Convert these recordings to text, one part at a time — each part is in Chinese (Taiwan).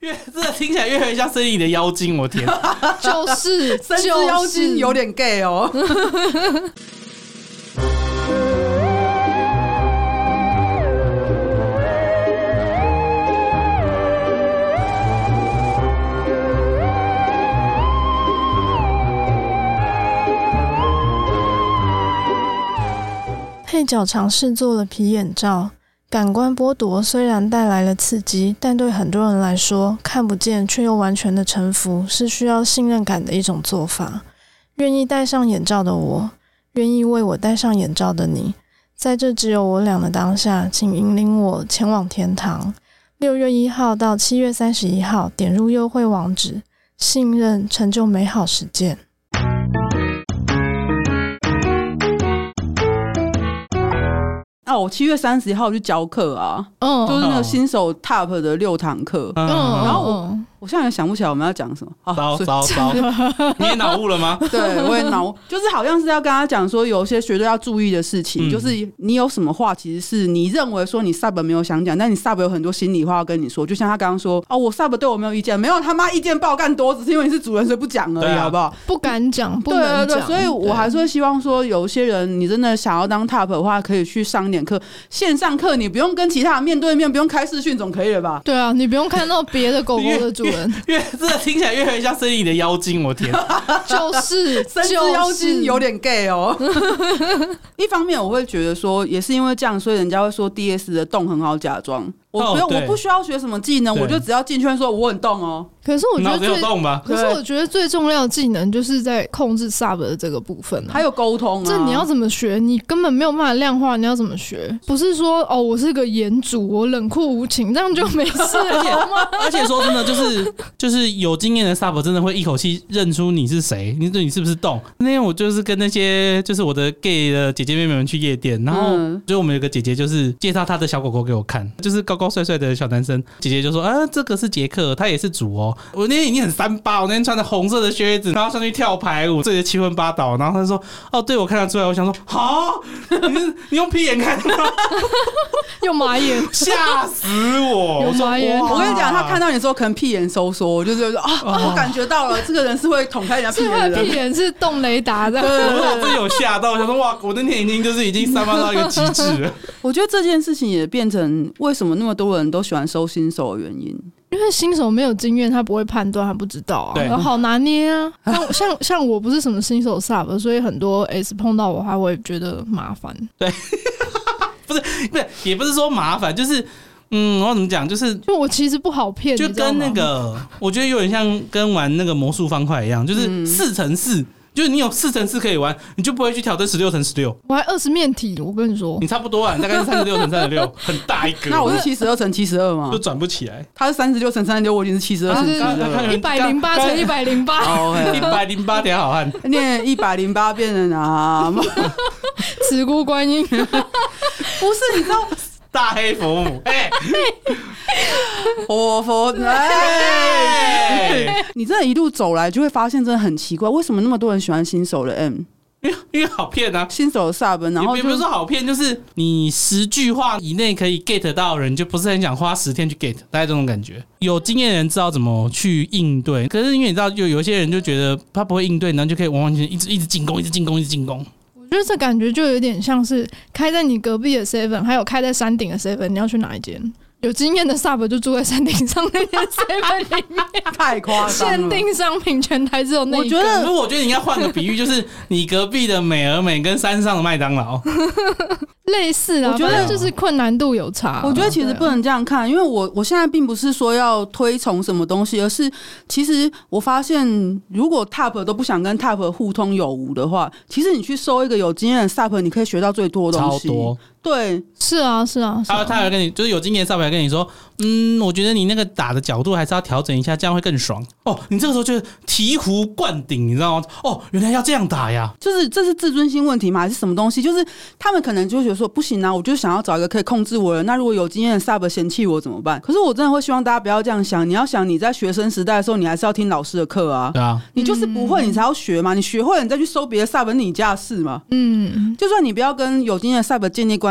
越這聽起來越很像森林的妖精，我天！就是森林 妖精有點 gay 哦，就是。 配角嘗試做了皮眼罩。感官剝奪雖然帶來了刺激，但對很多人來說，看不見卻又完全的臣服，是需要信任感的一種做法。願意戴上眼罩的我，願意為我戴上眼罩的你，在這只有我倆的當下，請引領我前往天堂。六月一號到七月三十一號，點入優惠網址，信任，成就美好實踐。哦，我七月三十號去教課啊，嗯、uh -oh.，就是那個新手 Top 的六堂課，嗯、uh -oh.，然後我。我現在也想不起來我們要講什麼啊！糟糟糟！你也腦霧了嗎？ 對，我也腦霧，就是好像是要跟他講說，有些絕對要注意的事情，就是你有什麼話，其實是你認為說你 sub 沒有想講，但你 sub 有很多心裡話要跟你說。就像他剛剛說，哦，我 sub 對我沒有意見，沒有他媽意見，爆幹多，只是因為你是主人，所以不講而已，啊、好不好？不敢講，不敢講。所以，我還是希望說，有些人你真的想要當 top 的話，可以去上一點課，線上課，你不用跟其他人面對面，不用開視訊，總可以了吧？對啊，你不用看到別的狗狗的主。 越真的聽起來越像森林的妖精，我、喔、天，就是三的、就是、妖精有點 gay 哦、喔。 一方面我會覺得說，也是因為這樣，所以人家會說 D S 的動很好假裝。我覺得、哦、我不需要學什麼技能，我就只要進圈說我很動哦、喔。可是我覺得有動吧，可是我覺得最重要的技能就是在控制 sub 的這個部分、喔、還有溝通、啊，這你要怎麼學？你根本沒有辦法量化，你要怎麼學？不是說哦，我是個嚴主，我冷酷無情，這樣就沒事了 而，且而且說真的，就是。 就是有經驗的薩博 真的會一口氣認出你是誰，你對你是不是動？那天我就是跟那些就是我的 gay 的姐姐妹妹們去夜店，然後就我們有個姐姐就是介紹她的小狗狗給我看，就是高高帥帥的小男生，姐姐就說啊，這個是杰克，他也是主哦。我那天已經很三八，我那天穿着紅色的靴子，然後上去跳排舞，醉的七昏八倒，然後他說哦，對我看得出來，我想說好，你用屁眼看的，用馬眼，嚇死我，有馬眼！我跟你講，他看到你的時候可能屁眼。收縮我就覺、是、得啊、哦哦，我感覺到了，哦、這個人是會捅開人家屁眼的人，的是動雷達的，我真有嚇到， 想說哇，我的眼睛就是已經散發到一個極致。我覺得這件事情也變成為什麼那麼多人都喜歡收新手的原因，因為新手沒有經驗，他不會判斷，他不知道啊，好拿捏啊。 像像我不是什麼新手 s 所以很多 s 碰到我也會覺得麻煩。對，不是，不是，也不是說麻煩，就是。嗯，我要怎麼講？就是，就我其實不好騙，就跟那個，我覺得有點像跟玩那個魔術方塊一樣，就是四乘四，就是你有四乘四可以玩，你就不會去挑戰十六乘十六。我還二十面體，我跟你說，你差不多啊，大概是三十六乘三十六，很大一個。那我是七十二乘七十二嘛，就轉不起來。他是三十六乘三十六，我已經是七十二乘三十六。一百零八乘一百零八。一百零八條好漢念一百零八遍的啊，慈姑 好、 啊、 觀音， 不是，你知道。大黑佛母，哎，我佛，哎，你這一路走來就會發現，真的很奇怪，為什麼那麼多人喜歡新手的 M？因為因為好騙啊，新手的 Sub，然後並不是說好騙，就是你十句話以內可以 get 到的人，就不是很想花十天去 get，大概這種感覺。有經驗的人知道怎麼去應對，可是因為你知道，有有些人就覺得他不會應對，然後就可以完完全全一直一直進攻，一直進攻，一直進攻。就是這感覺就有點像是開在你隔壁的 seven，還有開在山頂的 seven，你要去哪一間？有經驗的 Sub 就住在山頂上那邊積分裡面， 太誇張了！限定商品全台只有那根。我覺得，如果我覺得應該換個比喻，就是你隔壁的美而美跟山上的麥當勞 類似的。我覺得就是困難度有差喔。我覺得其實不能這樣看，因為我我現在並不是說要推崇什麼東西，而是其實我發現，如果 Top 都不想跟 Top 互通有無的話，其實你去收一個有經驗的 Sub，你可以學到最多的東西。對，是啊，是啊。他、啊、他還跟你就是有經驗的 sub、嗯、還跟你說，嗯，我覺得你那個打的角度還是要調整一下，這樣會更爽哦。你這個時候就是醍醐灌頂，你知道嗎？哦，原來要這樣打呀！就是這是自尊心問題嘛，還是什麼東西？就是他們可能就會覺得說不行啊，我就想要找一個可以控制我的，那如果有經驗的 sub、嗯、嫌棄我，我怎麼辦？可是我真的會希望大家不要這樣想。你要想你在學生時代的時候，你還是要聽老師的課啊。對啊，你就是不會，你才要學嘛。你學會了，你再去搜別的 sub、嗯、你家的事嘛。嗯，就算你不要跟有經驗的 sub、嗯、建立關。關係純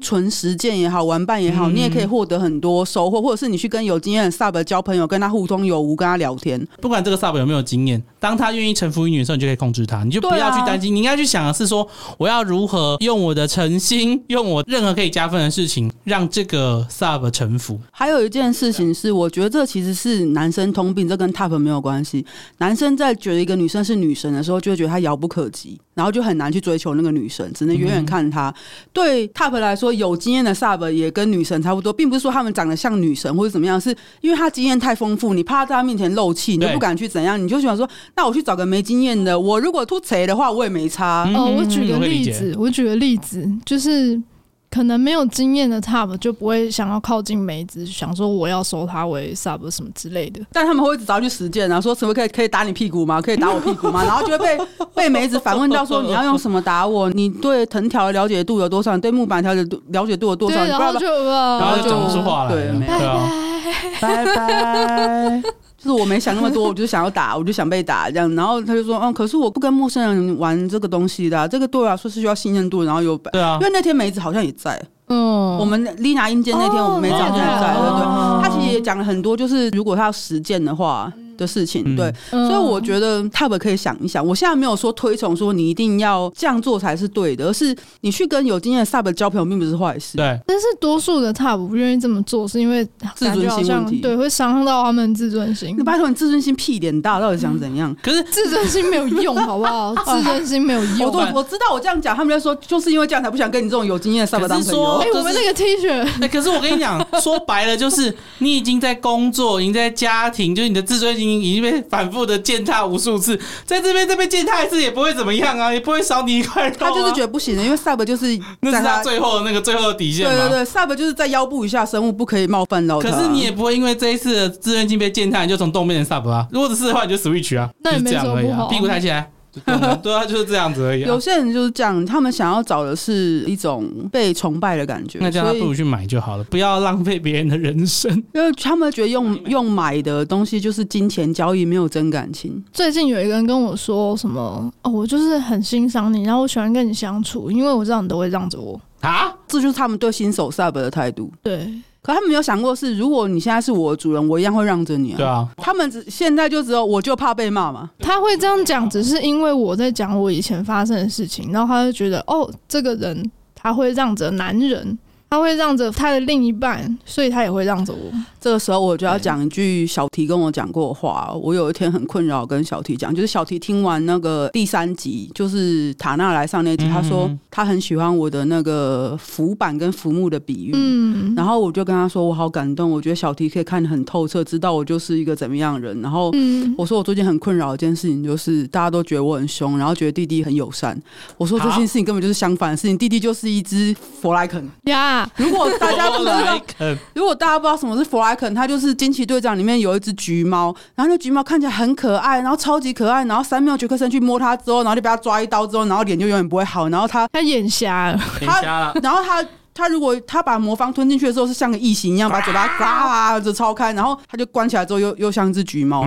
純實踐也好，玩伴也好，你也可以獲得很多收穫。或者是你去跟有經驗的 Sub 交朋友，跟他互通有無，跟他聊天。不管這個 Sub 有沒有經驗，當他願意臣服於女生，你就可以控制他。你就不要去擔心、啊，你應該去想的是說，我要如何用我的誠心，用我任何可以加分的事情，讓這個 Sub 臣服。還有一件事情是，我覺得這其實是男生通病，這跟 Top 沒有關係。男生在覺得一個女生是女神的時候，就會覺得她遙不可及，然後就很難去追求那個女神，只能遠遠看她、嗯。對。Top 來說，有經驗的 sub 也跟女神差不多，並不是說他們長得像女神或者怎麼樣，是因為他經驗太豐富，你怕他在他面前漏氣，你就不敢去怎樣，你就喜歡說，那我去找個沒經驗的。我如果偷賊的話，我也沒差、嗯。哦，我舉個例子，我，我舉個例子就是。可能沒有經驗的 top 就不會想要靠近梅子，想說我要收他為 sub 什麼之類的，但他們會一直找去實踐、啊，然後說什麼可以可以打你屁股嗎？可以打我屁股嗎？ 然後就會被被梅子反問到說，你要用什麼打我？你對藤條了，了解度有多少？對木板條 了解度了解度有多少？好久說話了。對，沒拜，拜拜。 拜拜就是我沒想那麼多， 我就想要打，我就想被打這樣。然後他就說，嗯，可是我不跟陌生人玩這個東西的、啊，這個對我來說是需要信任度。然後又對啊，因為那天梅子好像也在，嗯，我們麗娜陰間那天我們梅子好像也在，對對、嗯。他其實也講了很多，就是如果他要實踐的話。的事情，對，嗯、所以我覺得 t a b 可以想一想。我現在沒有說推崇說你一定要這樣做才是對的，而是你去跟有經驗的 sub 交朋友，並不是壞事。對，但是多數的 t a b 不願意這麼做，是因為自尊心問題，對，會傷到他們的自尊心。你拜托，你自尊心屁點大，到底想怎樣？可是自尊心沒有用，好不好？自尊心沒有用。 我我知道，我這樣講，他們在說，就是因為這樣才不想跟你這種有經驗的 sub 當朋友。哎、欸，我們那個 T 恤、就是。哎、欸，可是我跟你講， 說白了，就是你已經在工作，你已經在家庭，就是你的自尊心。已經被反覆的踐踏無數次，在這邊這邊踐踏一次也不會怎麼樣啊，也不會少你一塊，啊、他就是覺得不行的，因為 Sub 就是 那是他最後的那個最後的底線。對對對，Sub 就是在腰部以下生物不可以冒犯了。可是你也不會因為這一次的自尊心被踐踏，你就從 Dom 變成 Sub 啊？如果是的話，你就 Switch 啊，那你、就是、這樣麼不、啊、好，屁股抬起來。對， 對啊，就是這樣子而已啊。有些人就是這樣，他們想要找的是一種被崇拜的感覺。那這樣不如去買就好了，不要浪費別人的人生。因為他們覺得用用買的東西就是金錢交易，沒有真感情。最近有一個人跟我說什麼哦，我就是很欣賞你，然後我喜歡跟你相處，因為我知道你都會讓着我啊。這就是他們對新手 sub 的態度。對。可他們沒有想過是，如果你現在是我的主人，我一樣會讓着你啊。對啊。他們只現在就只有，我就怕被罵嘛。他會這樣講，只是因為我在講我以前發生的事情，然後他就覺得，哦，這個人他會讓着男人。他會讓着他的另一半，所以他也會讓着我。這個時候我就要講一句小提跟我講過的話。我有一天很困擾，跟小提講，就是小提聽完那個第三集，就是塔納來上那集，嗯嗯嗯，他說他很喜歡我的那個浮板跟浮木的比喻。嗯，然後我就跟他說我好感動，我覺得小提可以看得很透徹，知道我就是一個怎麼樣的人。然後我說我最近很困擾一件事情，就是大家都覺得我很兇，然後覺得弟弟很友善。我說這件事情根本就是相反的事情，弟弟就是一只佛萊肯。Yeah 如果大家不知道，如果大家不知道什麼是弗萊肯，他就是驚奇隊長裡面有一隻橘貓，然後那橘貓看起來很可愛，然後超級可愛，然後山繆傑克森去摸它之後，然後就被它抓一刀之後，然後臉就永遠不會好，然後他他眼瞎，眼瞎了，然後他。 他如果他把魔方吞進去的時候，是像個異形一樣，把嘴巴嘎就操開，然後他就關起來之後，又又像一只橘貓。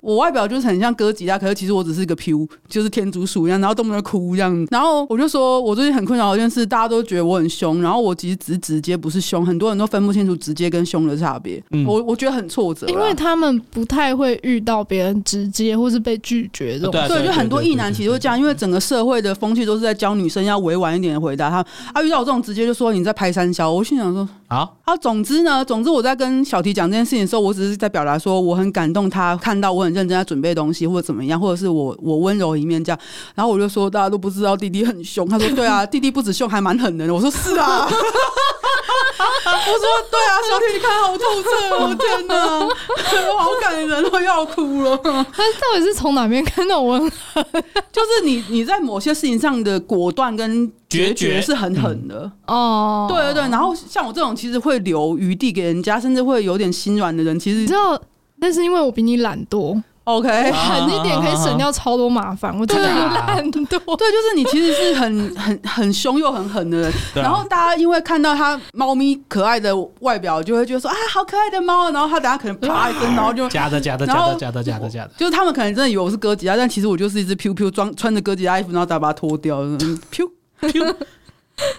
我外表就是很像哥吉拉，可是其實我只是一個 PUI，就是天竺鼠一樣，然後動不動哭這樣。然後我就說我最近很困擾的一件事，大家都覺得我很凶，然後我其實直直接不是凶，很多人都分不清楚直接跟凶的差別、嗯。我我覺得很挫折，因為他們不太會遇到別人直接或是被拒絕的，哦、對、啊，啊、就很多異男其實會這樣，因為整個社會的風氣都是在教女生要委婉一點的回答他。啊，遇到我這種直接就說。你在拍三小？我心想說啊啊！總之呢，總之我在跟小提講這件事情的時候，我只是在表達說我很感動他，他看到我很認真在準備東西，或者怎麼樣，或者是我我溫柔一面這樣。然後我就說大家都不知道蒂蒂很凶，他說對啊， 蒂蒂不止凶，還蠻狠的。我說是啊， 我說對啊，小提你看好透徹， 我天哪！ 我好感人都 要哭了， 他到底是從哪邊看到我？ 就是你，你在某些事情上的果斷跟決絕是很狠的哦、嗯。對對對，然後像我這種其實會留餘地給人家，甚至會有點心軟的人，其實你知道，那是因為我比你懶惰。OK，狠一點可以省掉超多麻煩，uh -huh. 我覺得有懶很多。對，就是你其實是很很很兇又很狠的人， 然後大家因為看到他貓咪可愛的外表，就會覺得說啊，好可愛的貓。然後他等下可能啪一聲、啊，然後就假的假的假的假的假的假的，就、就是他們可能真的以為我是哥吉拉、啊，但其實我就是一隻飄飄裝穿着哥吉拉衣服，然後再把它脫掉，飄飄。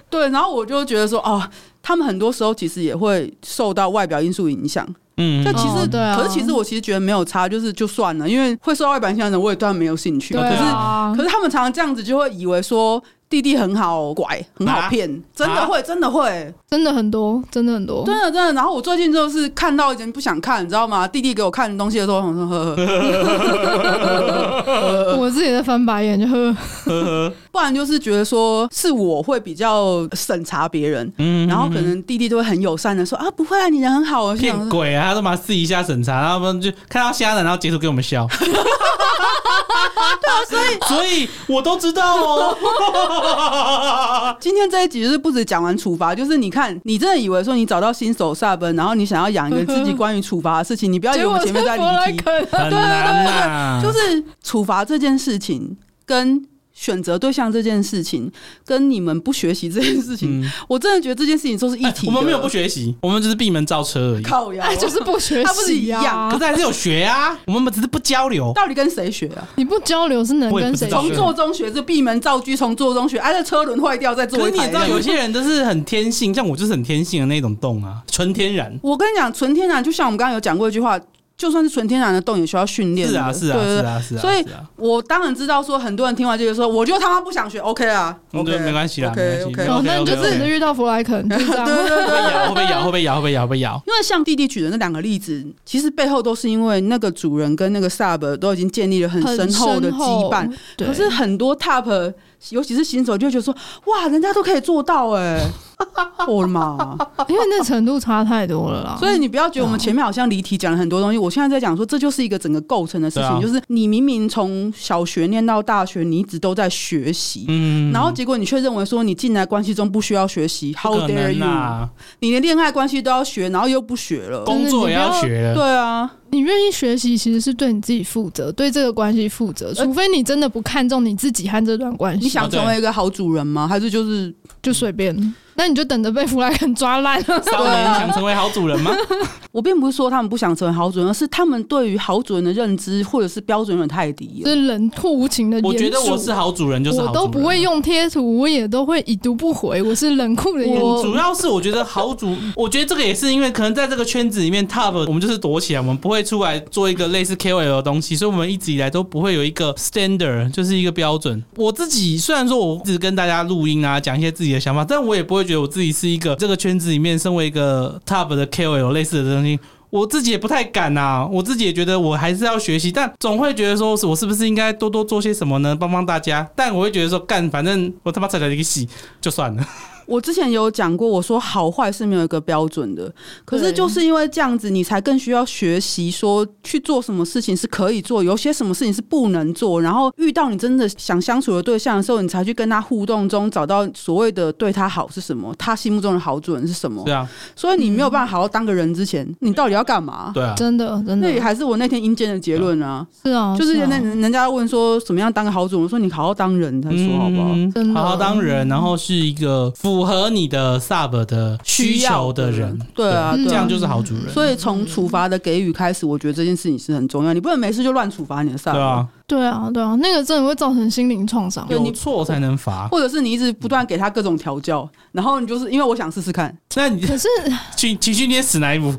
對，然後我就覺得說，哦，他們很多時候其實也會受到外表因素影響。嗯，嗯，但、嗯、其實、哦，對啊，可是其實我其實覺得沒有差，就是就算了，因為會受到一般影響的人，我也斷然沒有興趣對、啊。可是，可是他們常常這樣子，就會以為說弟弟很好拐，很好騙、啊，真的會、啊，真的會，真的很多，真的很多，真的真的。然後我最近就是看到已經不想看，你知道嗎？弟弟給我看東西的時候，我，想說呵呵 我自己在翻白眼就呵呵呵呵呵不然就是覺得說是我會比較審查別人，嗯嗯嗯，然後可能弟弟都會很友善的說嗯嗯啊，不會啊，你人很好。騙鬼啊，他都把他試一下審查？然後不然就看他瞎，然後截圖給我們笑。 對啊，所以所以我都知道哦。 今天這一集就是不止講完處罰，就是你看，你真的以為說你找到新手薩本，然後你想要養一個自己關於處罰的事情， 你不要以為我前面在離題。啊、對，對，對，對，就是處罰這件事情跟。選擇對象這件事情，跟你們不學習這件事情，嗯，我真的覺得這件事情就是一體，哎。我們沒有不學習，我們只是閉門造車而已。靠呀，啊啊，就是不學，啊，他不是一樣？不，啊，是還是有學啊，我們只是不交流。到底跟誰學啊？你不交流是能跟誰學？從坐，坐中學，這閉門造車，從坐中學。哎，這車輪壞掉再坐。所以你也知道，有些人都是很天性，像我就是很天性的那種動啊，純天然。我跟你講，純天然，就像我們剛剛有講過一句話。就算是純天然的洞也需要訓練。是啊，是啊對對對，是啊，是啊。所以，啊啊、我當然知道說，說很多人聽完這個說，我就他媽不想學，OK 啊 OK,、嗯、對，OK，沒關係啦 OK, OK, OK, OK, OK, OK,，OK。o k 反正就是遇到弗萊肯，就這樣。 對對對對會被咬，會被咬，會被咬，會被咬，會被咬。 因為像蒂蒂舉的那兩個例子，其實背後都是因為那個主人跟那個 sub 都已經建立了很深厚的羈絆。可是很多 top，尤其是新手就會覺得說，哇，人家都可以做到、欸，哎。 我的媽！因為那程度差太多了啦，所以你不要覺得我們前面好像離題講了很多東西。我現在在講說，這就是一個整個構成的事情，就是你明明從小學念到大學，你一直都在學習，嗯，然後結果你卻認為說你進來關係中不需要學習，How dare you！、啊、你連戀愛關係都要學，然後又不學了，工作也要學，對啊，你願意學習其實是對你自己負責，對這個關係負責，除非你真的不看重你自己和這段關係。啊、你想成為一個好主人嗎？還是就是、嗯、就隨便？那你就等着被弗萊肯抓爛了。少年想成為好主人嗎？ 我並不是說他們不想成為好主人，而是他們對於好主人的認知或者是標準有點太低了，是冷酷無情的。我覺得我是好主人，就是好主人我都不會用貼圖，我也都會已讀不回。我是冷酷的我。我主要是我覺得好主，我覺得這個也是因為可能在這個圈子裡面，Top，我們就是躲起來，我們不會出來做一個類似 KOL 的東西，所以我們一直以來都不會有一個 standard，就是一個標準。我自己雖然說我只跟大家錄音啊，講一些自己的想法，但我也不會。覺得我自己是一個這個圈子裡面，身為一個 top 的 KOL，類似的東西，我自己也不太敢啊。我自己也覺得我還是要學習，但總會覺得說，我是不是應該多多做些什麼呢？幫幫大家。但我會覺得說，幹，反正我他媽再來一個戲就算了。我之前有講過，我說好壞是沒有一個標準的，可是就是因為這樣子，你才更需要學習說去做什麼事情是可以做，有些什麼事情是不能做。然後遇到你真的想相處的對象的時候，你才去跟他互動中找到所謂的對他好是什麼，他心目中的好主人是什麼。對啊，所以你沒有辦法好好當個人之前，嗯，你到底要幹嘛？對啊，真的真的，那也還是我那天陰間的結論啊。是啊，就是那人家問說怎麼樣當個好主人，啊，我說你好好當人再說好不好？嗯，真的。好好當人，然後是一個富符合你的 sub 的需求的人，對，對啊，對啊對，這樣就是好主人。所以從處罰的給予開始，我覺得這件事情是很重要。你不能沒事就亂處罰你的 sub。對啊，對啊，那個真的會造成心靈創傷。對，有錯才能罰，或者是你一直不斷給他各種調教、嗯，然後你就是因為我想試試看。那你可是請請緒天死哪一部？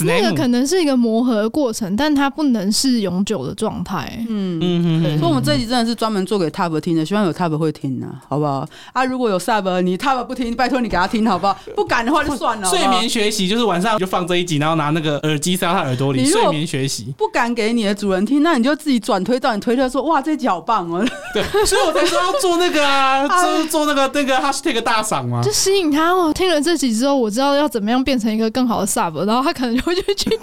那個可能是一個磨合的過程，但它不能是永久的狀態。嗯嗯嗯。所以我們這一集真的是專門做給 top 聽的，希望有 top 會聽呢、啊，好不好？啊，如果有 sub, 你 top，你 top 不聽，拜托你給他聽好不好？不敢的話就算了。好好睡眠學習就是晚上就放這一集，然後拿那個耳機塞他耳朵裡，睡眠學習。不敢給你的主人聽，那你就自己轉。推到你推斷說，哇這集好棒哦。啊，對，所以我才知要做那個啊，做、就是、做那個、哎、那個 hashtag 大賞嘛，就吸引他哦。聽了這集之後，我知道要怎麼樣變成一個更好的 sub，然後他可能就會去，去聽。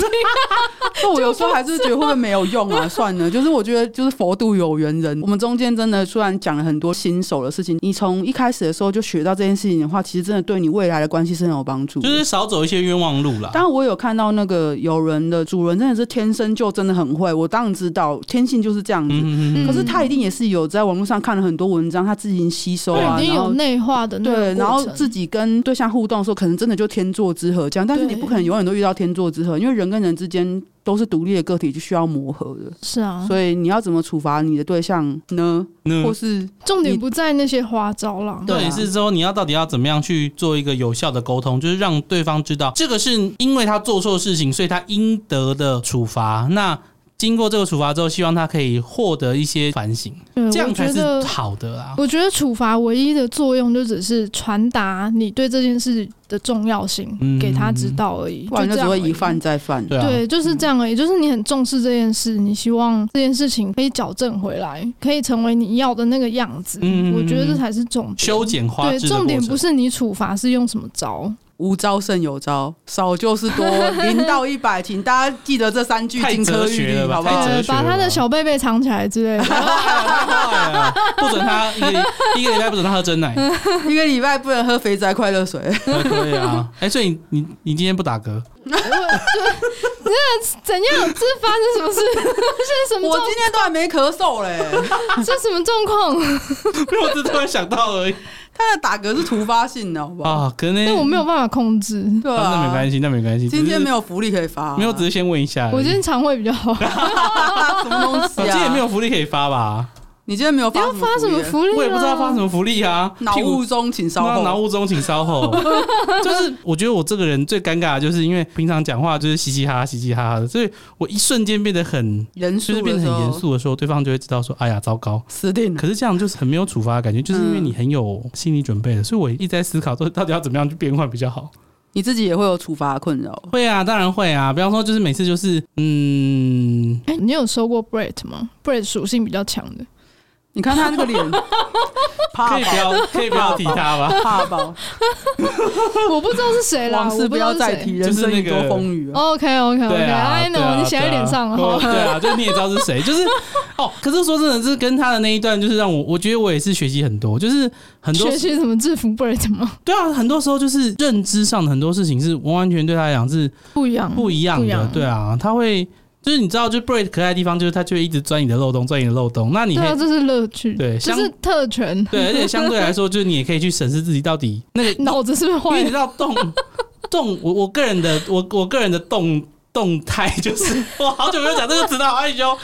那 我有時候還是覺得會不會沒有用啊？ 算了，就是我覺得就是佛度有緣人。我們中間真的突然講了很多新手的事情，你從一開始的時候就學到這件事情的話，其實真的對你未來的關係是很有幫助，就是少走一些冤枉路了。但我有看到那個有人的主人真的是天生就真的很會，我當然知道天性。就是這樣子，嗯嗯嗯，可是他一定也是有在網絡上看了很多文章，他自己吸收啊，已經有內化的那對，對，對，然後自己跟對象互動的時候，可能真的就天作之合這樣。但是你不可能永遠都遇到天作之合，因為人跟人之間都是獨立的個體，就需要磨合的。是啊，所以你要怎麼處罰你的對象呢？或是重點不在那些花招了？對，對，啊，是說你要到底要怎麼樣去做一個有效的溝通，就是讓對方知道這個是因為他做錯事情，所以他應得的處罰。那經過這個處罰之後，希望他可以獲得一些反省，這樣才是好的啊。我覺得，我覺得處罰唯一的作用就只是傳達你對這件事的重要性、嗯、給他知道而已，反、嗯、正只會一犯再犯、啊。對，就是這樣而已、嗯。就是你很重視這件事，你希望這件事情可以矯正回來，可以成為你要的那個樣子。嗯嗯嗯我覺得這才是重修剪花的。對，重點不是你處罰是用什麼招。無招勝有招，少就是多。零到一百，請大家記得這三句金科玉律，好不好？把他的小貝貝藏起來之類的。 對啊、不准他一個禮拜不准他喝珍奶， 一個禮拜不准喝肥宅快樂水。 對啊，哎，所以你你，你今天不打嗝？那怎樣？這是發生什麼事？我今天都還沒咳嗽嘞、欸，這什麼狀況？我只是突然想到而已。他的打嗝是突發性的，好不好？啊，可能，但我沒有辦法控制，對啊，那沒關係，那沒關係。今天沒有福利可以發，啊，沒有，只是先問一下。我今天腸胃比較好， 啊，什麼東西啊？今天也沒有福利可以發吧？你今天沒有發什麼福利？要發什麼福利？我也不知道發什麼福利啊。腦霧中，請稍腦霧中，請稍後。 就是我覺得我這個人最尷尬的就是因為平常講話就是嘻嘻哈哈、嘻嘻哈哈的，所以我一瞬間變得很嚴肅，就是變得很嚴肅的時候，對方就會知道說：“哎呀，糟糕，死定了。”可是這樣就是很沒有處罰的感覺，就是因為你很有心理準備的，嗯、所以我一直在思考說，到底要怎麼樣去變換比較好。你自己也會有處罰的困擾？會啊，當然會啊。比方說，就是每次就是嗯，哎、欸，你有收過 Brett 嗎？Brett 屬性比較強的。你看他那個臉， 可以不要，可以不要提他吧？ 怕爆？我不知道是誰了，往事不要再提、就是那個，就是那個風雨。OK OK OK，I、啊、know，、啊、你寫在臉上了對、啊對啊。對啊，就你也知道是誰，就是 哦。可是說真的，就是跟他的那一段，就是讓我我覺得我也是學習很多，就是很多時學習什麼制服不？什 麼對啊，很多時候就是認知上的很多事情是完完全全對他來講是不一樣不一樣的，對啊，他會。就是你知道，就 brat 可愛的地方就是它就會一直鑽你的漏洞，鑽你的漏洞。那你、啊、這是樂趣，對，這是特權，對。而且相對來說，就是你也可以去審視自己到底那個腦子是不是壞了。因為你知道動動，我我個人的我我個人的動動態就是我好久沒有講這個，知道哎呦就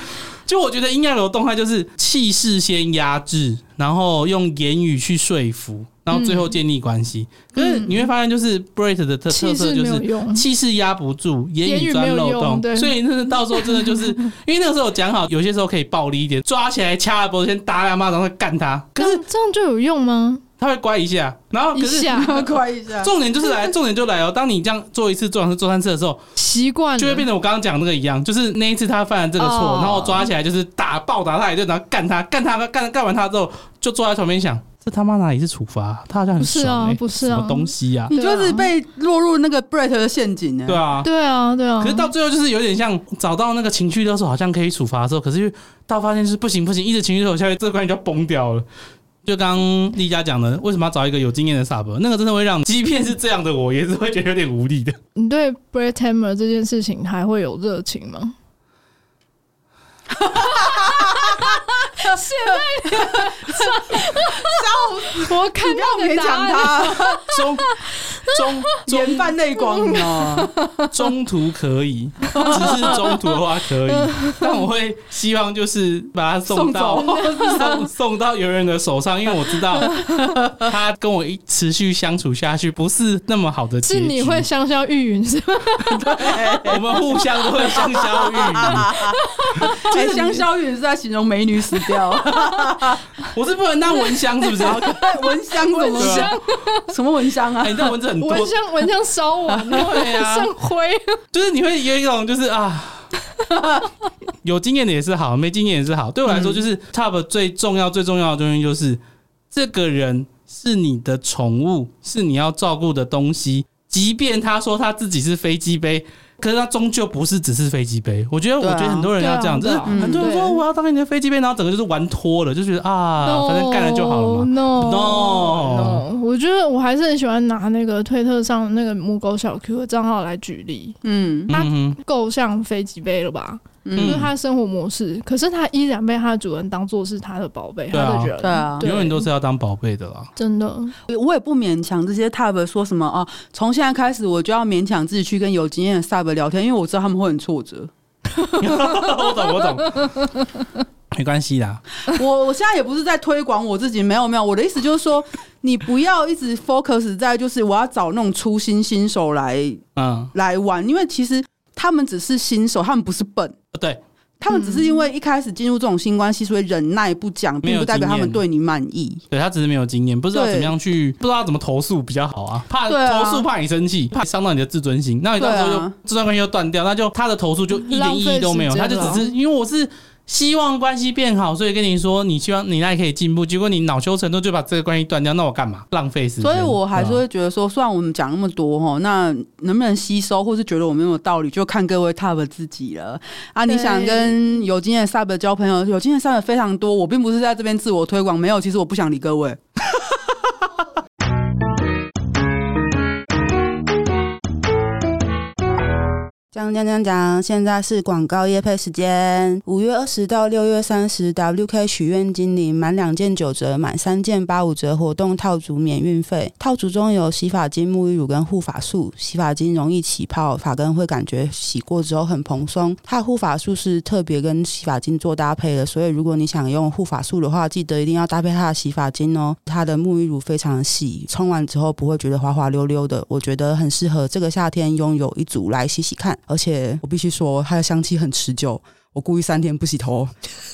就我覺得該有流動態就是氣勢先壓制，然後用言語去說服。然後最後建立關係，嗯、可是你會發現，就是 Brett 的特特色就是、嗯、氣勢壓、啊、不住，言語鑽漏洞，對，所以那到時候真的就是 因為那個時候我講好，有些時候可以暴力一點，抓起來掐脖子，先打兩巴掌再幹他。可是但這樣就有用嗎？他會乖一下，然後可是一下 乖一下。重點就是來，重點就來哦！當你這樣做一次、做兩次、做三次的時候，習慣就會變成我剛剛講那個一樣，就是那一次他犯了這個錯，哦、然後抓起來就是打暴打他，也就然後幹他，幹他幹幹完他之後，就坐在床邊想。這他媽哪裡是處罰啊？他好像很慫欸、啊，不是啊，什麼東西啊，你就是被落入那個 brat 的陷阱呢欸？對啊，對啊，對啊。可是到最後就是有點像找到那個情緒的時候，好像可以處罰的時候，可是到發現就是不行不行，一直情緒走下去，這關係就要崩掉了。就剛剛栗嘉講的，為什麼要找一個有經驗的 sub 那個真的會讓即便是這樣的我，我也是會覺得有點無力的。你對 brat tamer 這件事情還會有熱情嗎？ 是，在， 我，我看到沒終終終，到要講他。中中眼泛淚光呢？中途可以，只是中途的話可以。但我會希望就是把他送到送，送，送到有人，人的手上，因為我知道他跟我一持續相處下去不是那麼好的結局。是你會香消玉殞是嗎？ 對，我們互相都會香消玉殞。這香消玉殞是在形容美女死。 我是不能當蚊、啊、 蚊香，是不是？蚊香怎麼香？什麼蚊香啊？哎、你知道蚊子很多蚊，蚊香燒我，蚊香燒你會剩灰。 啊、就是你會有一種，就是啊，有經驗的也是好，沒經驗也是好。對我來說，就是差不多最重要最重要的東西就是，這個人是你的寵物，是你要照顧的東西，即便他說他自己是飛機杯。可是它終究不是只是飛機杯，我覺得，啊、我覺得很多人要這樣，子、啊啊，很多人說我要當你的飛機杯，嗯、然後整個就是玩脫了，就覺得啊，no, 反正幹了就好了嘛。No，No，no, no. No. 我覺得我還是很喜歡拿那個推特上那個母狗小 Q 的賬號來舉例，嗯，那夠像飛機杯了吧？嗯、就是他的生活模式，可是他依然被他的主人當做是他的寶貝，對對啊，對啊對永遠都是要當寶貝的啦。真的，我也不勉強這些 sub 說什麼啊，從現在開始我就要勉強自己去跟有經驗的 sub 聊天，因為我知道他們會很挫折。 我懂，我懂， 沒關係係啦，我 我現在也不是在推廣我自己，沒有，沒有，我的意思就是說，你不要一直 focus 在就是我要找那種初心新手來，嗯，來玩，因為其實。他們只是新手，他們不是笨，對，他們只是因為一開始進入這種新關係，所以忍耐不講，並不代表他們對你滿意。對，他只是沒有經驗，不知道怎麼樣去，不知道怎麼投訴比較好啊，怕投訴怕你生氣，怕傷到你的自尊心，那你到時候就這段關係就斷掉，那就他的投訴就一點意義都沒有，他就只是因為我是。希望關係變好，所以跟你說，你希望你那裡可以進步。結果你惱羞成怒就把這個關係斷掉，那我幹嘛浪費時間？所以我還是會覺得說，算、啊、然我們講那麼多哈，那能不能吸收，或是覺得我沒有道理，就看各位 top 自己了啊。你想跟有經驗的 sub 的交朋友，有經驗 sub 非常多，我並不是在這邊自我推廣，沒有，其實我不想理各位。 醬醬醬醬！現在是廣告業配時間。五月二十到六月三十，WK 許願精靈滿兩件九折，滿三件八五折活動套組免運費。套組中有洗髮精、沐浴乳跟護髮素。洗髮精容易起泡，髮根會感覺洗過之後很蓬鬆。它的護髮素是特別跟洗髮精做搭配的，所以如果你想用護髮素的話，記得一定要搭配它的洗髮精哦。它的沐浴乳非常細，沖完之後不會覺得滑滑溜溜的，我覺得很適合這個夏天擁有一組來洗洗看。而且我必須說，它的香氣很持久。我故意三天不洗頭，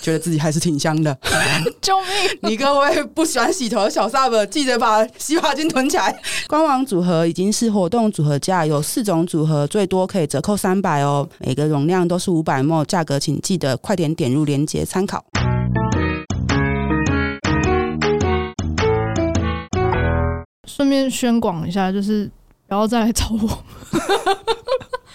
覺得自己還是挺香的。 救命！ 你各位不,不喜歡洗頭的小 sub，記得把洗髮精囤起來。 官網組合已經是活動組合價，有四種組合，最多可以折扣三百哦。每個容量都是五百 ml，價格請記得快點點入鏈接參考。順便宣廣一下，就是不要再來找我。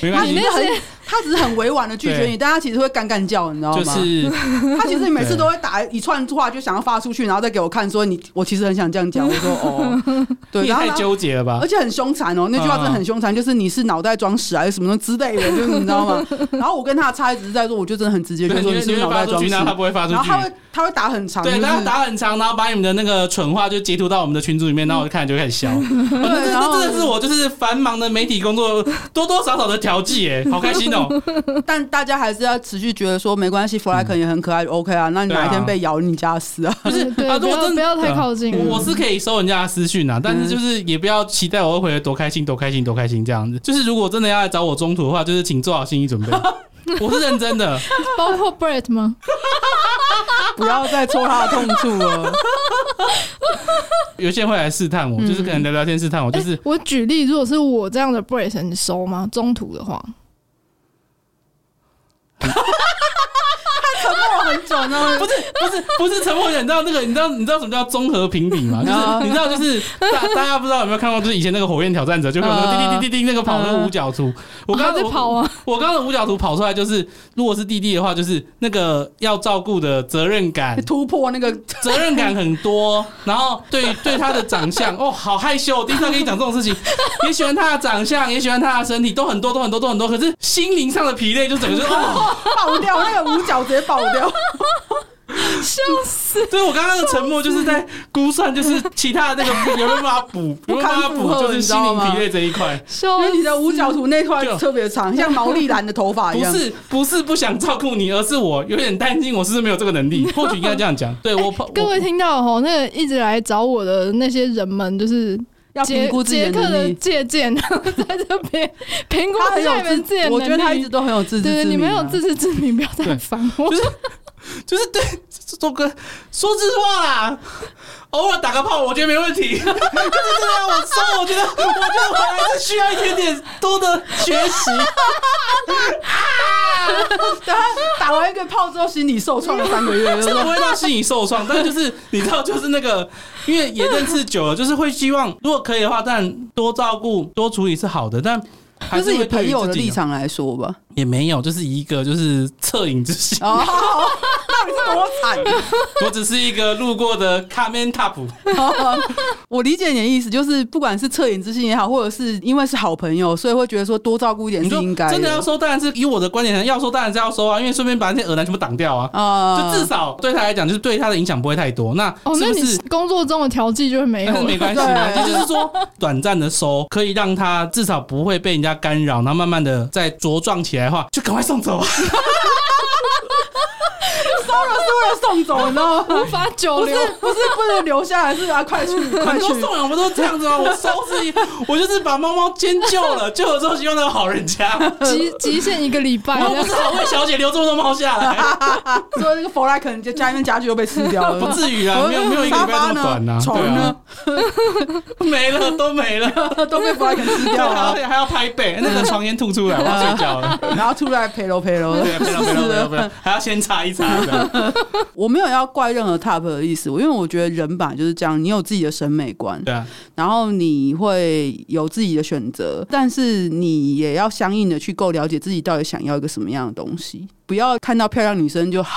沒關係，他只是很，他只是很委婉的拒絕你，但他其實會乾乾叫，你知道嗎？就是他其實你每次都會打一串話，就想要發出去，然後再給我看說你，我其實很想這樣講。我說哦，對，你太糾結了吧？而且很兇殘哦，那句話真的很兇殘，就是你是腦袋裝屎還什麼什麼之類的，就是你知道嗎？然後我跟他的差異只是在說，我就真的很直接，對，直接發出去，然後他不會發出去，然後他會他會打很長，對，他打很長，然後把你們的那個蠢話就截圖到我們的群組裡面，然後我就看就開始笑。這這真的是我就是繁忙的媒體工作多多。小小的調劑耶，好開心哦、喔 但大家還是要持續覺得說沒關係，弗萊肯也很可愛，OK 啊？那你哪一天被咬，你家死啊、嗯？ 不是，如果真的不，要對、啊、不要太靠近，我是可以收人家的私訊啊、嗯，但是就是也不要期待我會回來多開心、多開心、多開心這樣子。就是如果真的要來找我中途的話，就是請做好心理準備 。我是認真的，包括 Brett 嗎？ 不要再戳他的痛處哦。 有些人會來試探我、嗯，就是跟人聊聊天試探我。欸、就是我舉例，如果是我這樣的 Brett，你收嗎？中途的話。 很久了，不是不是不是，陳默遠，你知道那個，你知道你知道什麼叫綜合評比嗎？ 就是你知道就是大大家不知道有沒有看到，就是以前那個火焰挑戰者就會有那個滴滴滴滴滴那個跑那個五角圖。我剛剛跑啊！我剛剛的五角圖跑出來就是，如果是弟弟的話，就是那個要照顧的責任感，突破那個責任感很多，然後對對他的長相哦，好害羞。第一次跟你講這種事情，也喜歡他的長相，也喜歡他的身體，都很多都很多都很多。可是心靈上的疲累就整個就、哦、 爆掉，那個五角直接爆掉。笑死！對我剛剛的沉默，就是在估算，就是其他的那個補有沒有辦法補？不看他補，就是心靈疲累這一塊。因為你的五角圖那塊特別長，像毛利蘭的頭髮一樣。不是不是不想照顧你，而是我有點擔心，我是不是沒有這個能力。或許應該這樣講，對我，我，我、欸、各位聽到哈、喔，那個一直來找我的那些人們，就是要評估自己人的借鑒，在這邊評估一下你們自己的。我覺得他一直都很有自知之明。對，你沒有自知之明，不要再煩我。就是對，做個說實話啦，偶爾打個炮，我覺得沒問題。對呀，我說，我覺得，我覺得我還是需要一點點多的學習。 啊！等打完一個炮之後，心理受創了三個月。 不會讓心理受創， 但就是你知道，就是那個，因為也認識久了，就是會希望，如果可以的話，但多照顧、多處理是好的，但。就是,、啊、是以朋友的立場來說吧，啊、也沒有，就是一個就是惻隱之心。哦好好 多、哦、慘！我只是一個路過的 Kamen top。Oh, 我理解你的意思，就是不管是惻隱之心也好，或者是因為是好朋友，所以會覺得說多照顧一點就應該。真的要收，當然是以我的觀點來，要收當然是要收啊，因為順便把那些耳男全部擋掉啊。啊、uh，就至少對他來講，就是對他的影響不會太多。那哦，oh, 那你工作中的調劑就會沒有，但是沒關係，沒關係嘛。就是說短暫的收，可以讓他至少不會被人家干擾，然後慢慢的再茁壯起來的話，就趕快送走。 收了是為了，了送走了，你知道嗎？無法久留，不是，不，是不能留下來，是把它快去快去。快去送養不都這樣子嗎？我收拾，我就是把貓貓先救了，救了之後，希望那個好人家。極極限一個禮拜，我不是好貴小姐，留這麼多貓下來。 所以那個弗萊肯家家裡面家具都被撕掉了，不至於啊，沒有沒有一個禮拜那麼短啊，對啊，沒了都沒了， 都被弗萊肯撕掉了，還要還要拍背，嗯、那個床沿吐出來，我要睡覺了，嗯、 然後吐出來陪樓陪樓，對陪樓陪樓陪樓，還要先擦一擦。 我沒有要怪任何 TOP 的意思，因為我覺得人吧，就是這樣，你有自己的審美觀，對啊，然後你會有自己的選擇，但是你也要相應的去夠了解自己到底想要一個什麼樣的東西，不要看到漂亮女生就。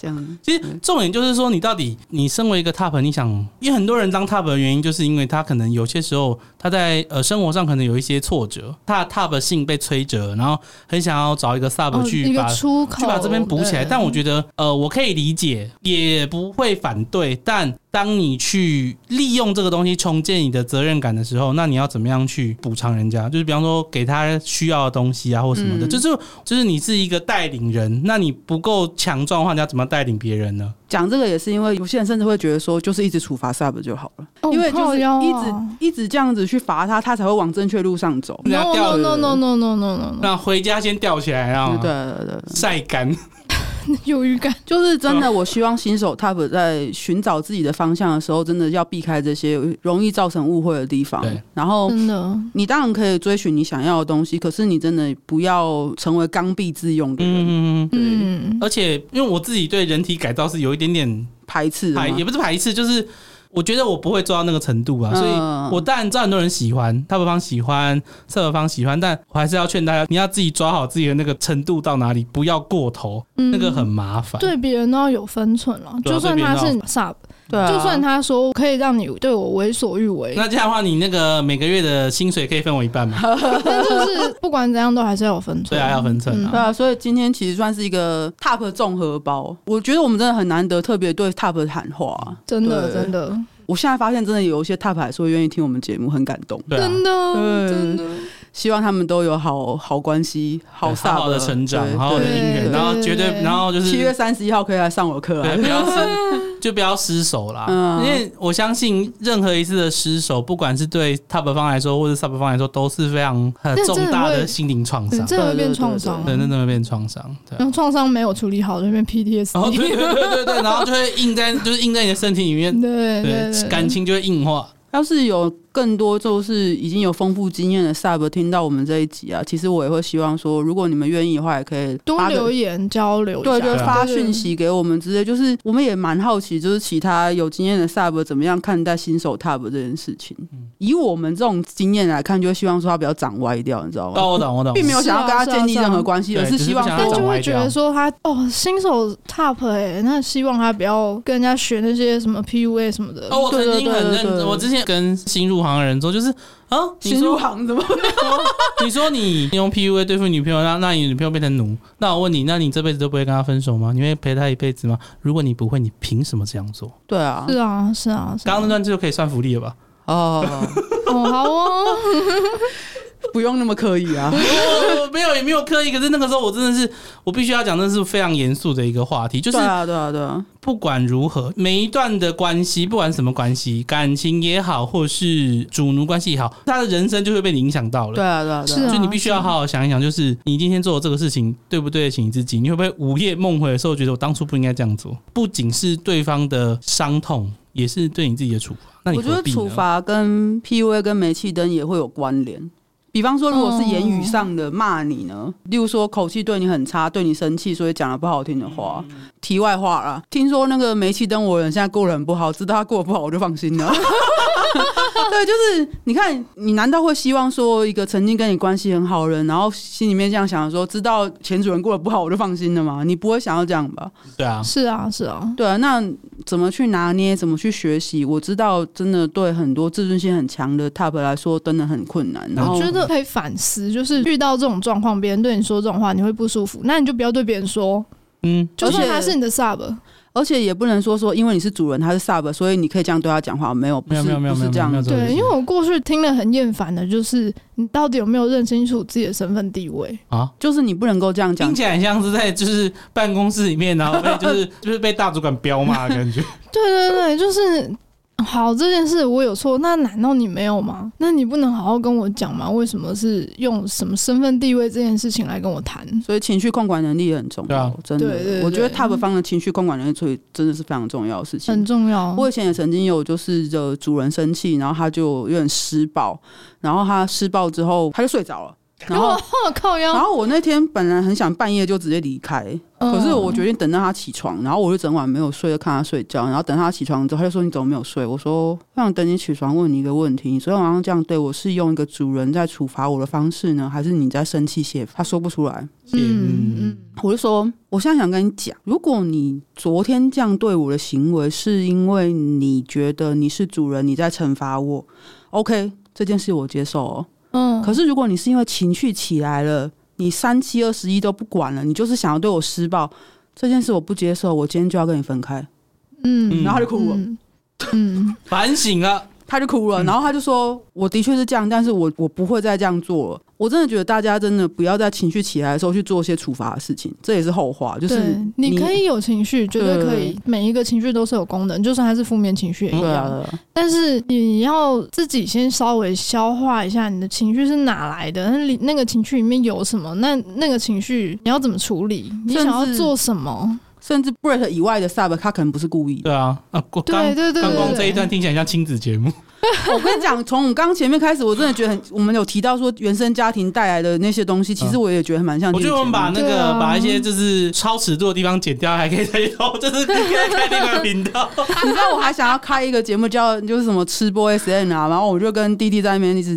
這樣，其實重點就是說，你到底，你身為一個 top，你想，因為很多人當 top 的原因，就是因為他可能有些時候他在呃生活上可能有一些挫折，他的 top 性被摧折，然後很想要找一個 sub 去把出口去把這邊補起來。但我覺得，呃，我可以理解，也不會反對，但。當你去利用這個東西重建你的責任感的時候，那你要怎麼樣去補償人家？就是比方說給他需要的東西啊，或什麼的。嗯、就是就是你是一個帶領人，那你不夠強壯的話，你要怎麼帶領別人呢？講這個也是因為有些人甚至會覺得說，就是一直處罰 Sub 就好了，因為就是一直一直這樣子去罰他，他才會往正確路上走。No no no, no no no no no no 那回家先吊起來啊，對對，對對對，曬乾。 有預感，就是真的。我希望新手 Top 在尋找自己的方向的時候，真的要避開這些容易造成誤會的地方。然後真的，你當然可以追尋你想要的東西，可是你真的不要成為剛愎自用的人，嗯。嗯而且，因為我自己對人體改造是有一點點排斥的排，的也不是排斥，就是。我覺得我不會做到那個程度吧，所以我當然知道很多人喜歡，他們方喜歡，側方，方喜歡，但我還是要勸大家，你要自己抓好自己的那個程度到哪裡，不要過頭，嗯、那個很麻煩。對別人都要有分寸了、啊，就算他是 sub 對啊，就算他說可以讓你對我為所欲為，那這樣的話，你那個每個月的薪水可以分我一半嗎？ 就是不管怎樣，都還是要有分成。對啊，要分成，啊嗯，對啊，所以今天其實算是一個 TOP 的綜合包。我覺得我們真的很難得，特別對 TOP 喊話，真的真的。我現在發現，真的有一些 TOP 還說願意聽我們節目，很感動，真的、啊，真的。對真的希望他們都有好好關係，好好的成長，好好的姻緣，對對對對，然後絕對，然後就是七月三十一號可以來上我的課，對，對，對，對，對，不要失 就不要失手啦。嗯，因為我相信任何一次的失手，不管是對 Top 方來說，或者 sub 方來說都是非常很、呃、重大的心靈創傷，真的會變創傷，真的會變創傷，對，然後創傷沒有處理好，就變 P T S D，對，對對對，然後就會印在 就是印在你的身體裡面，對對，對，感情就會硬化。要是有。更多就是已經有豐富經驗的 Sub 聽到我們這一集啊，其實我也會希望說，如果你們願意的話，也可以多留言交流，對對，就發訊息給我們之類。就是我們也蠻好奇，就是其他有經驗的 Sub 怎麼樣看待新手 Top 這件事情、嗯。以我們這種經驗來看，就希望說他不要長歪掉，你知道嗎？我、oh, 懂我懂，我懂我並沒有想要跟他建立任何關係、啊啊啊，而是希望，他就會覺得說他哦，新手 Top 哎、欸，那希望他不要跟人家學那些什麼 PUA 什麼的。哦，我曾經很認真。我之前跟新入行的人說，就是啊。你說，新入行怎麼？你說你用 PUA 對付女朋友，那那你女朋友變成奴？那我問你，那你這輩子都不會跟她分手嗎？你會陪她一輩子嗎？如果你不會，你憑什麼這樣做？對啊，是啊，是啊，剛剛、啊、那段就可以算福利了吧？哦哦，好哦。 不用那麼刻意啊 ，沒有也沒有刻意。可是那個時候，我真的是我必須要講，真的是非常嚴肅的一個話題。就是對啊，對啊，對啊。不管如何，每一段的關係，不管什麼關係，感情也好，或是主奴關係也好，他的人生就會被你影響到了。對啊，對啊，是。所以你必須要好好想一想，就是你今天做的這個事情對不對得起你自己，你會不會午夜夢回的時候覺得我當初不應該這樣做？不僅是對方的傷痛，也是對你自己的處罰。那你我覺得處罰跟 PUA 跟煤氣燈也會有關聯。比方說，如果是言語上的罵你呢，嗯，例如說口氣對你很差，對你生氣，所以講了不好聽的話，嗯。題外話啦。聽說那個煤氣燈我人現在過得很不好，知道他過得不好，我就放心了。 對，就是你看，你難道會希望說一個曾經跟你關係很好的人，然後心裡面這樣想的說知道前主人過得不好，我就放心了嗎？你不會想要這樣吧？對啊，是啊，是啊，對啊。那怎麼去拿捏？怎麼去學習？我知道，真的對很多自尊心很強的 TOP 來說，真的很困難。然後我覺得。可以反思，就是遇到這種狀況，別人對你說這種話，你會不舒服，那你就不要對別人說。嗯，就算他是你的 sub，而且也不能說說，因為你是主人，他是 sub，所以你可以這樣對他講話沒，不是，沒，沒，不是。沒有，沒有，沒有，沒有這樣。對，因為我過去聽了很厭煩的，就是你到底有沒有認清楚自己的身份地位啊？就是你不能夠這樣講，聽起來很像是在就是辦公室裡面，然後被就是 就是被大主管飆罵的感覺。 對對對，就是。好，這件事我有錯，那難道你沒有嗎？那你不能好好跟我講嗎？為什麼是用什麼身份地位這件事情來跟我談？所以情緒控管能力也很重要，對啊，真的，對對對，我覺得 Top 方的情緒控管能力，所以真的是非常重要的事情，很重要。我以前也曾經有，就是惹主人生氣，然後他就有點施暴，然後他施暴之後他就睡着了。然後、哦，靠腰，然後我那天本來很想半夜就直接離開、嗯，可是我決定等到他起床，然後我就整晚沒有睡，就看他睡覺，然後等他起床之後，他就說，你怎麼沒有睡？我說我想等你起床問你一個問題，你昨天晚上這樣對我是用一個主人在處罰我的方式呢，還是你在生氣？他說不出來。嗯，我就說我現在想跟你講，如果你昨天這樣對我的行為是因為你覺得你是主人，你在懲罰我，OK，這件事我接受、哦。嗯，可是如果你是因為情緒起來了，你三七二十一都不管了，你就是想要對我施暴，這件事我不接受，我今天就要跟你分開。嗯，嗯，然後他就哭了。嗯嗯、 反省啊反省了。他就哭了，然後他就說：“我的確是這樣，但是我我不會再這樣做了。我真的覺得大家真的不要在情緒起來的時候去做一些處罰的事情，這也是後話。就是你，你可以有情緒，絕對可以，每一個情緒都是有功能，就算它是負面情緒也一樣對、啊、的。但是你要自己先稍微消化一下，你的情緒是哪來的？那裡那個情緒裡面有什麼？那那個情緒你要怎麼處理？你想要做什麼？”甚至 Brett 以外的 Sub，他可能不是故意。對啊，啊，對對對對。剛剛這一段聽起來像親子節目。我跟你講，從我們剛前面開始，我真的覺得很。 我們有提到說原生家庭帶來的那些東西，其實我也覺得蠻像、嗯。我覺得我們把那個、啊、把一些就是超尺度的地方剪掉，還可以再播。就是天天看第二頻道。你知道，我還想要開一個節目叫就是什麼吃播 SN 啊，然後我就跟弟弟在那邊一直。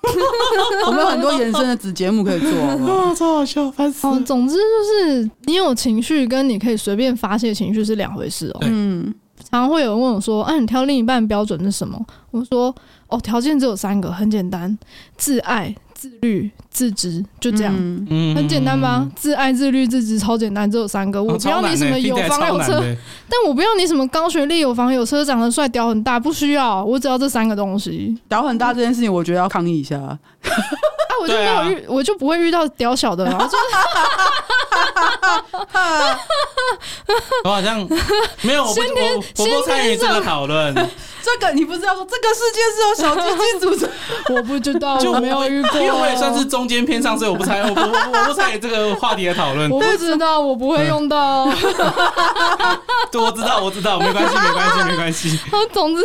我們很多衍生的子節目可以做，哦 超好嗎笑，煩死！哦，總之就是你有情緒跟你可以隨便發洩情緒是兩回事哦。嗯，常會有人問我說：“嗯、啊，你挑另一半標準是什麼？”我說：“哦，條件只有三個，很簡單，自愛。”自律、自知，就這樣，嗯、很簡單吧、嗯？自愛、自律、自知，超簡單，只有三個。哦、我不要你什麼有房有車、哦，但我不要你什麼高學歷、有房有車、長得帥、屌很大，不需要。我只要這三個東西。屌很大這件事情，我覺得要抗議一下。哎、 啊，我就沒有遇，我就不會遇到屌小的、啊。就是、 我好像沒有，我不我不參與這個討論。 這個你不知道，說這個世界是由小雞雞組成？ 我不知道，就沒有遇過，因為我也算是中間偏上，所以我不參與，我不我不參與這個話題的討論。 我不知道， 我不會用到。對， 我知道，我知道，沒關係，沒關係，沒關係。總之，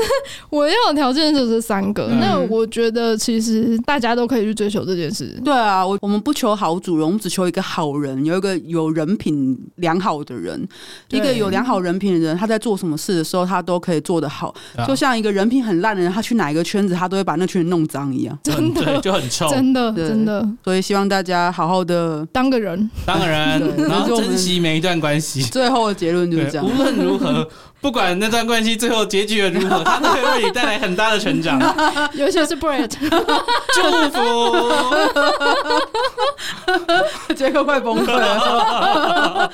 我要的條件就是三個。Oh, 那我覺得，其實大家都可以去追求這件事。嗯、對啊，我我們不求好主人，我們只求一個好人，有一個有人品良好的人，一個有良好,人,有良好人品的人，他在做什麼事的時候，他都可以做得好，uh. 就像。像一個人品很爛的人，他去哪一個圈子，他都會把那圈子弄髒一樣，真的就很臭，真的真的。所以希望大家好好的當個人，當個人，然後珍惜每一段關係。 最後的結論就是這樣，無論如何。 不管那段關係最後結局如何，他都會為你帶來很大的成長， 尤其是 Brett， 祝福，傑 克快崩潰了、 啊，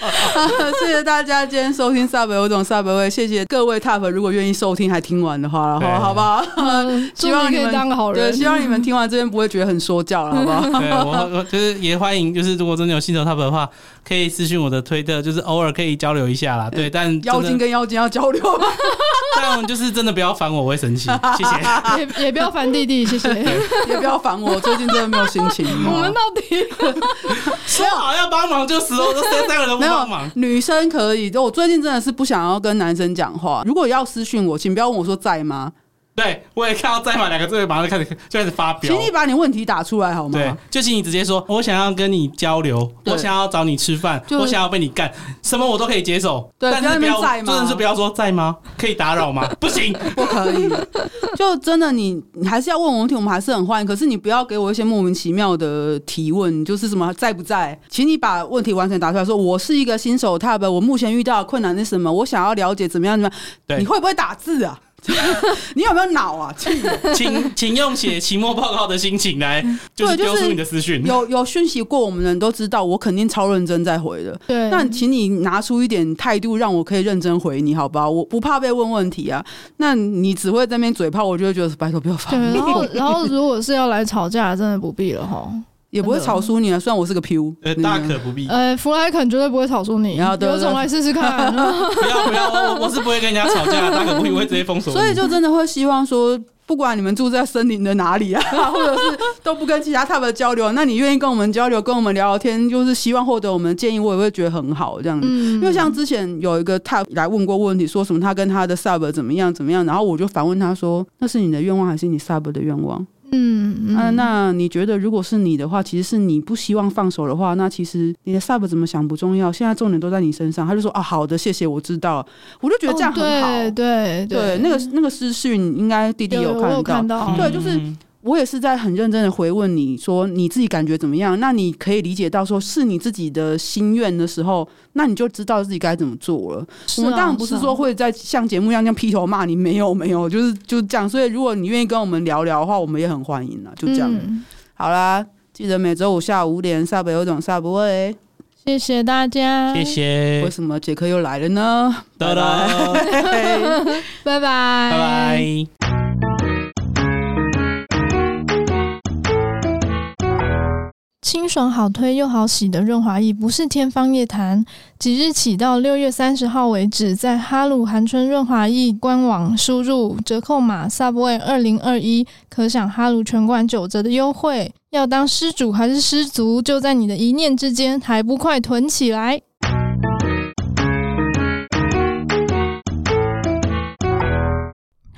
謝謝大家今天收聽 sub，有種 sub 味謝謝各位 Top，如果願意收聽還聽完的話，然後好不好？嗯、 希望你們、嗯、你可以當個好人對，希望你們聽完這邊不會覺得很說教了，好不好？ 對我，我就是也歡迎，就是如果真的有新手 Top 的話，可以私信我的推特，就是偶爾可以交流一下啦。對，但妖精跟妖精要交。交流嗎？但就是真的不要煩我，我會生氣。謝謝。 也也不要煩弟弟，謝謝。 也不要煩我，最近真的沒有心情。我 們到底說 好要幫忙就死，我說誰在有人幫忙？女生可以，我最近真的是不想要跟男生講話。如果要私訊我，請不要問我說在嗎。對，我也看到在嗎？兩個字，馬上開始就開始發表，請你把你問題打出來好嗎？對，就請你直接說，我想要跟你交流、我想要找你吃飯、就是，我想要被你幹，什麼我都可以接受。對，但是不要，真的是不要說在嗎？可以打擾嗎？ 不行，不可以。就真的你，你還是要問我問題，我們還是很歡迎。可是你不要給我一些莫名其妙的提問，就是什麼在不在？請你把問題完全答出來說。我是一個新手他 a 我目前遇到的困難是什麼？我想要了解怎麼樣？怎麼樣？對？你會不會打字啊？ 你有沒有腦啊？請 請請用寫期末報告的心情來，就是丟出你的私訊、就是。有有訊息過我們的人都知道，我肯定超認真在回的。對，那請你拿出一點態度，讓我可以認真回你，好不好？我不怕被問問題啊。那你只會在那邊嘴炮，我就會覺得拜託不要煩。對，然後然後如果是要來吵架，真的不必了齁。也不會吵輸你啊！雖然我是個 P，U，大可不必。呃、欸，弗萊肯絕對不會吵輸你，你啊！總，有種來試試看。 然後笑不要不要，我我是不會跟人家吵架、啊，大可不必我，會直接封鎖。所以就真的會希望說，不管你們住在森林的哪裡啊，或者是都不跟其他 Top 交流， 那你願意跟我們交流，跟我們聊聊天，就是希望獲得我們的建議，我也會覺得很好這樣子。嗯嗯。因為像之前有一個 Top 來問過問題，說什麼他跟他的 sub 怎麼樣怎麼樣，然後我就反問他說：“那是你的願望還是你 sub 的願望？”嗯，那、嗯啊、那你覺得，如果是你的話，其實是你不希望放手的話，那其實你的 sub 怎麼想不重要，現在重點都在你身上。他就說啊，好的，謝謝，我知道，我就覺得這樣很好，哦、對對，對，對，對，那個那個私訊應該弟弟有看到，有我有看到哦嗯、對，就是。我也是在很認真的回問你說，你自己感覺怎麼樣？那你可以理解到說是你自己的心願的時候，那你就知道自己該怎麼做了。是啊，我們當然不是說會在像節目一樣這樣劈頭罵你，沒有沒有，就是就這樣。所以如果你願意跟我們聊聊的話，我們也很歡迎啊。就這樣，嗯，好啦，記得每周五下午五點，sub 有一種 sub 味。謝謝大家，謝謝。為什麼傑克又來了呢？拜拜拜，拜， 拜拜，拜拜。清爽好推又好洗的潤滑液不是天方夜譚。即日起到六月三十號為止，在哈魯含春潤滑液官網輸入折扣碼 subway 二零二一，可享哈魯全館九折的優惠。要當失主還是失足，就在你的一念之間，還不快囤起來！